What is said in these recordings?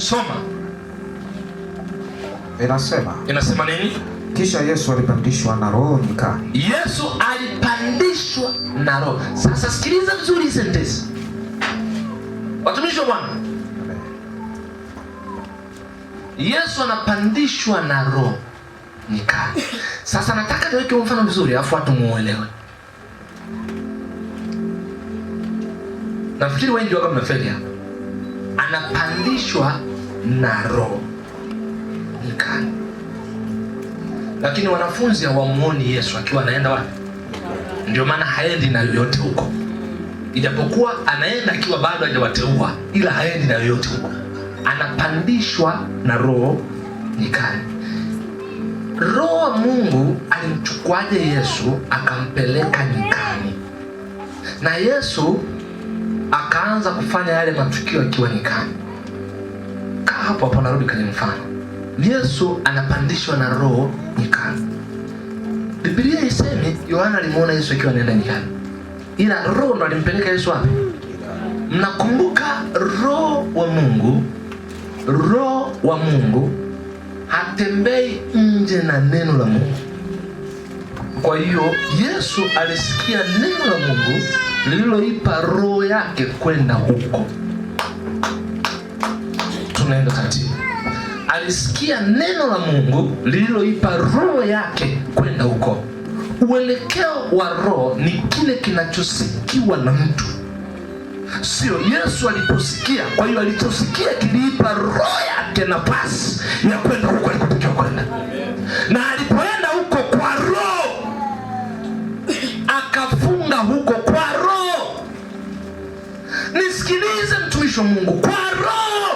Soma. Inasema. Inasema nini? Kisha Yesu alipandishwa na Roho nyikani. Yesu alipandishwa na Roho. Sasa sikiliza vizuri sentensi. Watumishi wa Bwana. Yesu anapandishwa na Roho nyikani. Sasa nataka niweke mfano mzuri afu watu muelewe. Nafikiri wengi wako mnafeli hapa. Anapandishwa naro roho mkali. Lakini wanafunzi hawamuoni Yesu akiwa anaenda wapi. Ndio maana haendi na yoyote huko, ijapokuwa anaenda akiwa bado hajawateua, ila haendi na yoyote huko, anapandishwa na roho mkali. Roho wa Mungu alimchukuaje Yesu akampeleka nyikani, na Yesu akaanza kufanya yale matukio akiwa nyikani hapo hapo narudi kwenye mfano. Yesu anapandishwa na Roho nyikani. Biblia isemi Yohana alimuona Yesu akiwa anaenda nyikani, ila Roho ndo alimpeleka Yesu wapi? Mnakumbuka Roho wa Mungu, Roho wa Mungu hatembei nje na neno la Mungu. Kwa hiyo Yesu alisikia neno la Mungu lililoipa roho yake kwenda huko tunaenda taratibu. Alisikia neno la Mungu lililoipa roho yake kwenda huko. Uelekeo wa roho ni kile kinachosikiwa na mtu, sio Yesu aliposikia. Kwa hiyo alichosikia kiliipa roho yake nafasi ya kwenda huko alikotakiwa kwenda, na alipoenda huko kwa roho akafunga huko kwa roho. Nisikilize mtumishi wa Mungu, kwa roho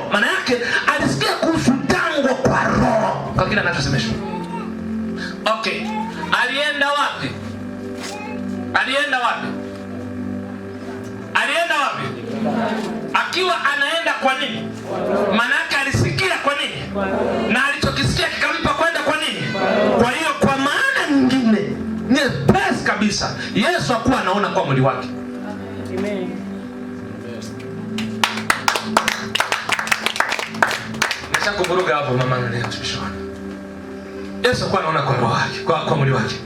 roho. Maana yake alisikia kuhusu kwa roho, kwa kile anachosemeshwa. Okay, alienda wapi? Alienda wapi? Alienda wapi? Akiwa anaenda kwa nini? Maana yake alisikia kwa nini, na alichokisikia kikampa kwenda kwa nini. Kwa hiyo kwa maana nyingine nyepesi kabisa, Yesu akuwa anaona kwa mwili wake. Amen. Kishakuvuruga hapo mama analea tushona. Yesu kwa anaona kwa roho yake, kwa kwa mwili wake.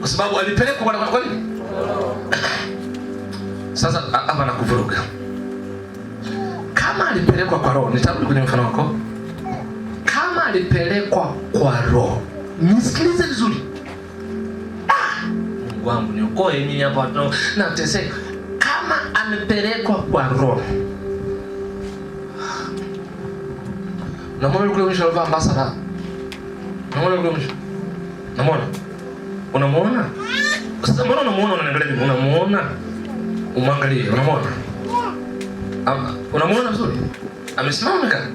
Kwa sababu alipelekwa kwa kwa nini? Sasa hapa nakuvuruga. Kama alipelekwa kwa roho, nitarudi kwenye mfano wako. Kama alipelekwa kwa roho, nisikilize vizuri. Ah! Mungu wangu niokoe mimi hapa, nateseka. Kama amepelekwa kwa roho, Unamwona yule mwisho alivaa ambassador? Unamwona yule mwisho? Unamwona? Unamuona? Sasa mbona unamuona unaangalia hivi? Unamuona? Umwangalie, unamuona? Ama unamuona vizuri? Amesimama kaka.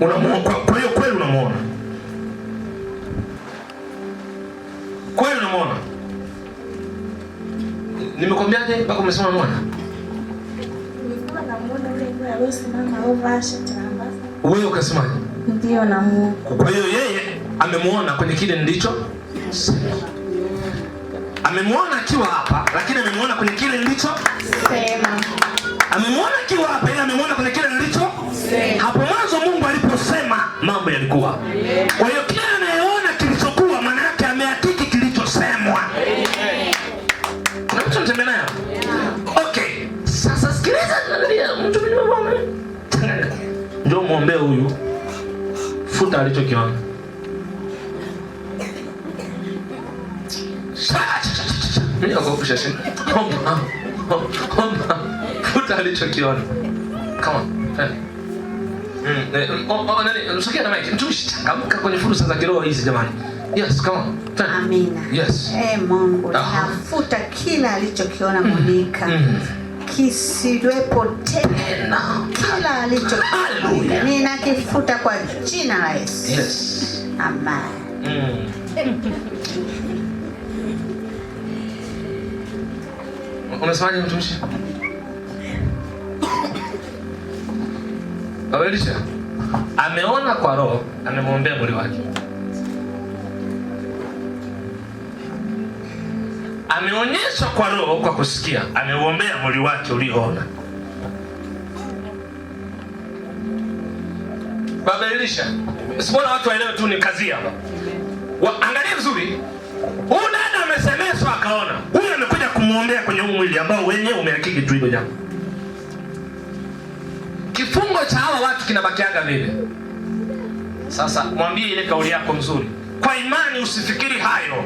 Unamuona kwa hiyo kweli unamuona. Kweli unamuona? Nimekwambiaje mpaka umesema unamuona? Nimesema namuona yule ambaye amesimama au vasha wewe ukasemaje? Ndio na Mungu. Kwa hiyo yeye amemwona kwenye kile sema, amemwona akiwa hapa, lakini amemwona kwenye kile nilicho sema. Amemwona akiwa hapa, ila amemwona kwenye kile ndicho hapo mwanzo. Mungu aliposema mambo yalikuwa, kwa hiyo mwombee huyu, futa alichokiona. Omba, omba, futa alichokiona. Come on, mm, eh, mm, oh, oh, mtumishi, changamka kwenye fursa za kiroho hizi jamani. Yes, come on. Amina. Yes. Hey, eh, Mungu, ah, nafuta kila alichokiona Monika. Mm kisiwepo tena, kila alicho ninakifuta kwa jina la Yesu. Yes. Amen. Mm. Unasemaje mtumishi? Ameona kwa roho, amemwombea mwili wake. ameonyeshwa kwa roho kwa kusikia, ameuombea mwili wake ulioona. Elisha, sibona, watu waelewe tu, ni kazi hapa. Angalia vizuri, huyu dada amesemeswa, akaona huyu amekuja kumwombea kwenye huu mwili ambao wenyewe umeakiki tu hilo jambo. Kifungo cha hawa watu kinabakiaga vile. Sasa mwambie ile kauli yako nzuri, kwa imani usifikiri hayo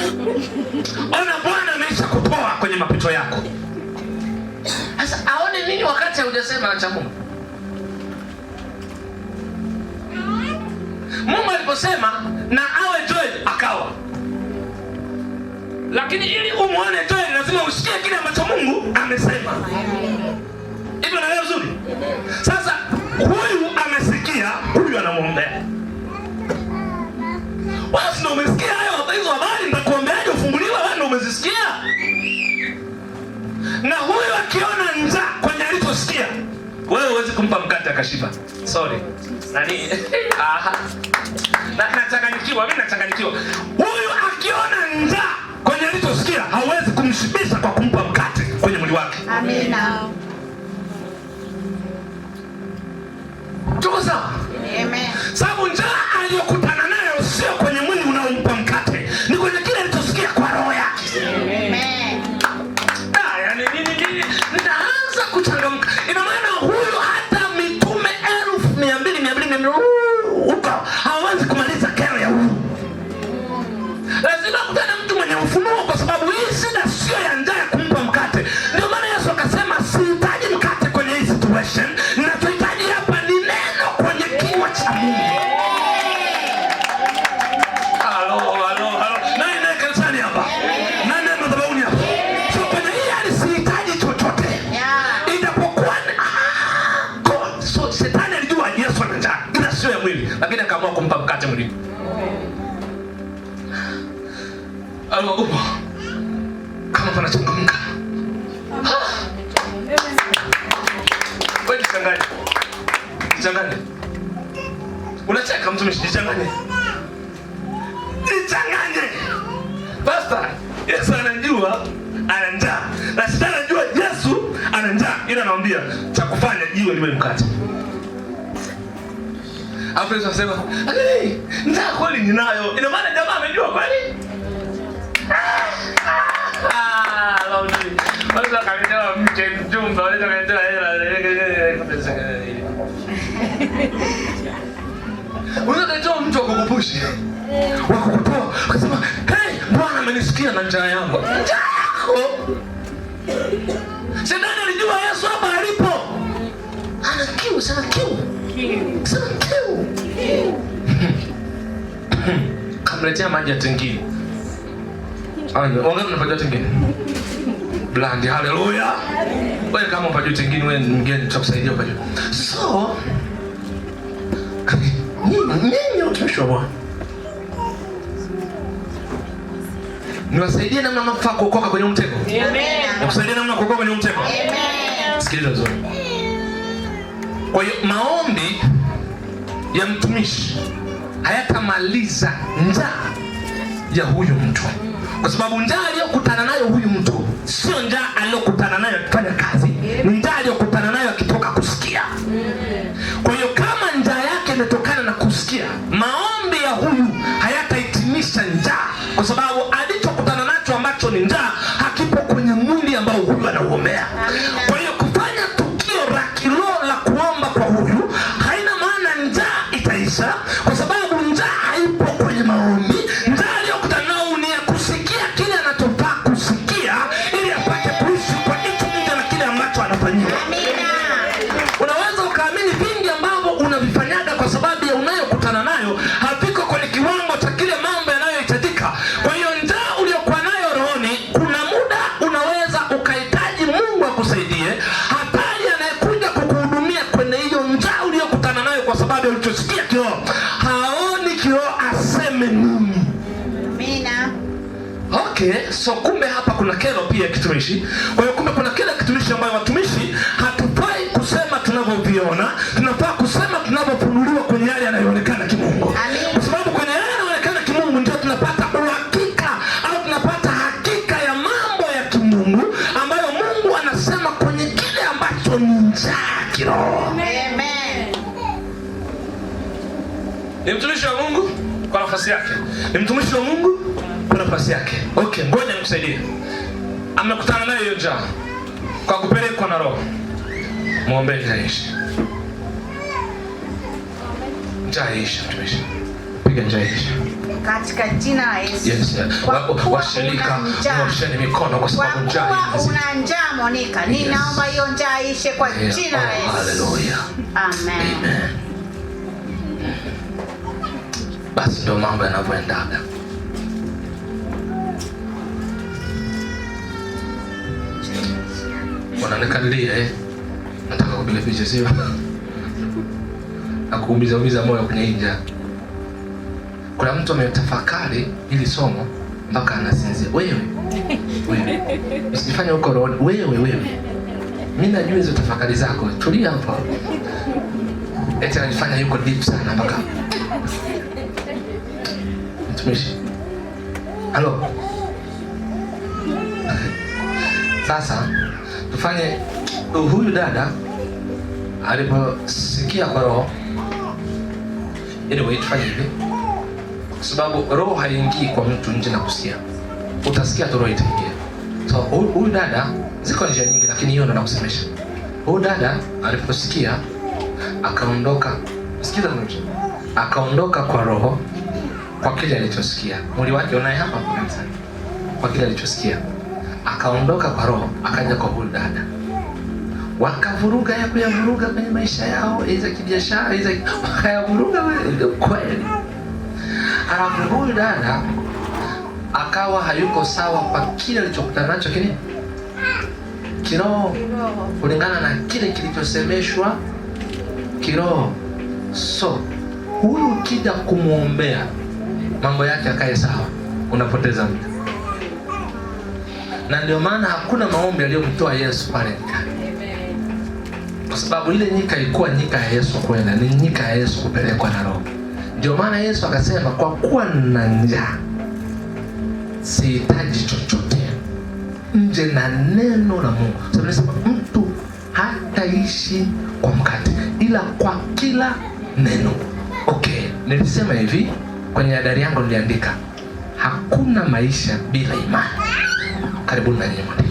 Ona Bwana ameisha kutoa kwenye mapito yako. Sasa aone nini wakati hujasema acha Mungu? Mungu aliposema na awe Joel akawa. Lakini ili umuone Joel lazima usikie kile ambacho Mungu amesema. Hivyo leo vizuri? Sasa Wewe huwezi kumpa mkate akashiba. Sorry. Nani? Aha. Na nachanganyikiwa, mimi nachanganyikiwa. Huyu akiona njaa kwenye alichosikia hawezi kumshibisha kwa kumpa mkate kwenye mwili wake. Amina. Tuko sawa? Amen. Sababu njaa aliyokuwa Hallelujah. akaamua kumpa mkate mlipo. Alma upo kama panachangamka jichanganye, jichanganye. Unacheka mtumishi, jichanganye, jichanganye. Basta. Yesu anajua ana na shetani anajua Yesu ana njaa, ila anamwambia cha kufanya jiwe liwe mkate. Hapo Yesu anasema, "Hey, ndaa kweli ninayo." Ina maana jamaa amejua kweli? Ah, Lord. Wale wakamjua mche mjumba, wale wakamjua hela. ukasema, "Hey, Bwana amenisikia na njaa yangu." Njaa alijua Yesu hapa alipo? Ana kiu, sana kiu. Kiu. mletea maji ya tengini. Wangapi mnapata tengini? Blandi, haleluya. Wewe kama unapata tengini, wewe ni mgeni, tutakusaidia upate. So nini utumishi wa Bwana? Niwasaidie namna mnafaa kuokoka kwenye mtego. Amen. Niwasaidie namna kuokoka kwenye mtego. Amen. Sikiliza vizuri. Kwa hiyo maombi ya mtumishi hayatamaliza njaa ya huyu mtu, kwa sababu njaa aliyokutana nayo huyu mtu sio njaa aliyokutana nayo akifanya kazi. So kumbe hapa kuna kero pia ya kitumishi. Kwa hiyo kumbe kuna kero ya kitumishi ambayo watumishi hatufai kusema tunavyoviona, tunafaa kusema tunavyofunuliwa kwenye yale yanayoonekana kimungu, kwa sababu kwenye yale yanayoonekana kimungu ndio tunapata uhakika au tunapata hakika ya mambo ya kimungu ambayo Mungu anasema kwenye kile ambacho ni njaa kiroho. Ni mtumishi wa Mungu kwa nafasi yake, ni mtumishi wa Mungu nafasi yake. Okay, ngoja nimsaidie. Amekutana naye hiyo njaa kwa kupelekwa na Roho, mwombeni aishi. Njaa ishi, mtumishi, piga njaa katika jina la Yesu. Yes, washelika washeni mikono kwa sababu njaa una njaa Monica. Ninaomba hiyo njaa ishe kwa jina la oh, Yesu. Oh, haleluya. Amen. Amen. Basi ndo mambo yanavyoendaga. wananikadiria eh, nataka kupiga picha, sio akuumiza umiza moyo kwenye inja. Kuna mtu ametafakari ili somo mpaka anasinzia. Wewe wewe usifanye huko road, wewe wewe, mimi najua hizo tafakari zako, tulia hapo. Eti anajifanya yuko deep sana mpaka mtumishi halo. Sasa tufanye huyu dada aliposikia kwa roho anyway, tufanye hivi kwa sababu roho haingii kwa mtu nje na kusikia, utasikia tu roho itaingia. So huyu dada, ziko njia nyingi, lakini hiyo ndo nakusemesha. Huyu dada aliposikia akaondoka, sikiza mtu, akaondoka kwa roho, kwa kile alichosikia. Mwili wake unaye hapa kwa kile alichosikia akaondoka kwa roho, akaja kwa huyu dada, wakavuruga ya kuyavuruga kwenye maisha yao, iza kibiashara, iza wakayavuruga kweli. Alafu huyu dada akawa hayuko sawa kwa kile alichokutana nacho kini kiroho, kulingana na kile kilichosemeshwa kiroho. So huyu ukija kumwombea mambo yake akae sawa, unapoteza mtu na ndio maana hakuna maombi aliyomtoa Yesu pale nyikani, kwa sababu ile nyika ilikuwa nyika ya Yesu kwenda, ni nyika ya Yesu kupelekwa na Roho. Ndio maana Yesu akasema, kwa kuwa na njaa sihitaji chochote nje na neno la Mungu. Nasema mtu hataishi kwa mkate, ila kwa kila neno. Okay, nilisema hivi kwenye adari yangu niliandika, hakuna maisha bila imani. കരപുണ്ടായി